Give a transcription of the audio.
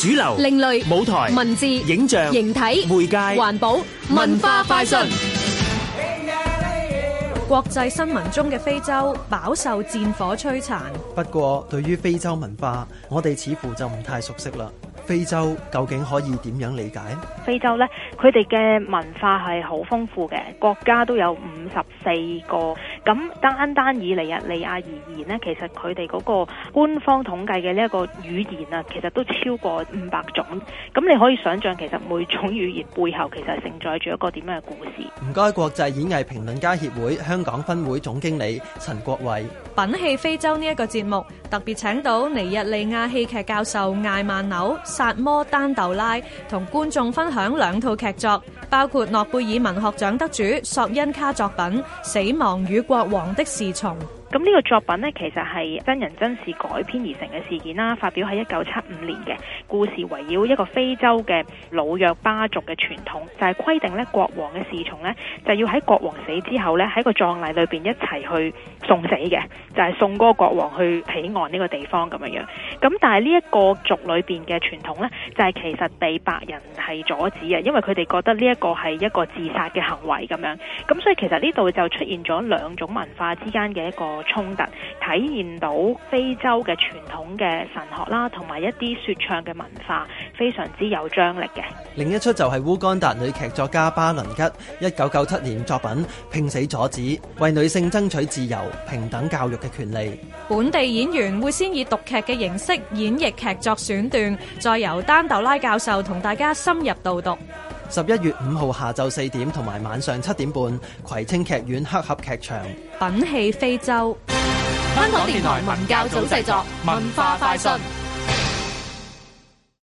主流、另類舞台、文字、影像、形體、媒介、環保、文化快訊。國際新聞中嘅非洲飽受戰火摧殘。不過，對於非洲文化，我哋似乎就唔太熟悉啦。非洲究竟可以點樣理解？非洲呢，佢哋嘅文化係好豐富嘅，國家都有五十四個。咁單單以尼日利亞而言呢，其實佢哋嗰個官方統計嘅呢一個語言啊，其實都超過五百種。咁你可以想象，其實每種語言背後其實盛載住一個點樣嘅故事。唔該，國際演藝評論家協會香港分會總經理陳國慧。品戲非洲呢一個節目，特別請到尼日利亞戲劇教授艾曼紐薩摩丹豆拉，同觀眾分享兩套劇作，包括諾貝爾文學獎得主索恩卡作品《死亡與》國王的侍從。咁呢個作品呢，其實係真人真事改編而成嘅事件啦，發表喺一九七五年嘅故事，圍繞一個非洲嘅老約巴族嘅傳統，就係規定呢國王嘅侍從呢，就要喺國王死之後呢，喺個葬禮裏邊一齊去送死嘅，就係送個國王去彼岸呢個地方咁樣樣。咁但係呢一個族裏邊嘅傳統呢，就係其實被白人係阻止啊，因為佢哋覺得呢一個係一個自殺嘅行為咁樣。咁所以其實呢度就出現咗兩種文化之間嘅一個衝突體現到非洲嘅傳統嘅神學啦，同埋一啲説唱嘅文化，非常之有張力嘅。另一出就係烏干達女劇作家巴倫吉一九九七年作品《拼死阻止》，為女性爭取自由、平等教育嘅權利。本地演員會先以讀劇嘅形式演繹劇作選段，再由丹豆拉教授同大家深入導讀。十一月五號下晝四點同埋晚上七點半，葵青劇院黑盒劇場《品戲非洲》。香港電台文教組製作，文化快訊。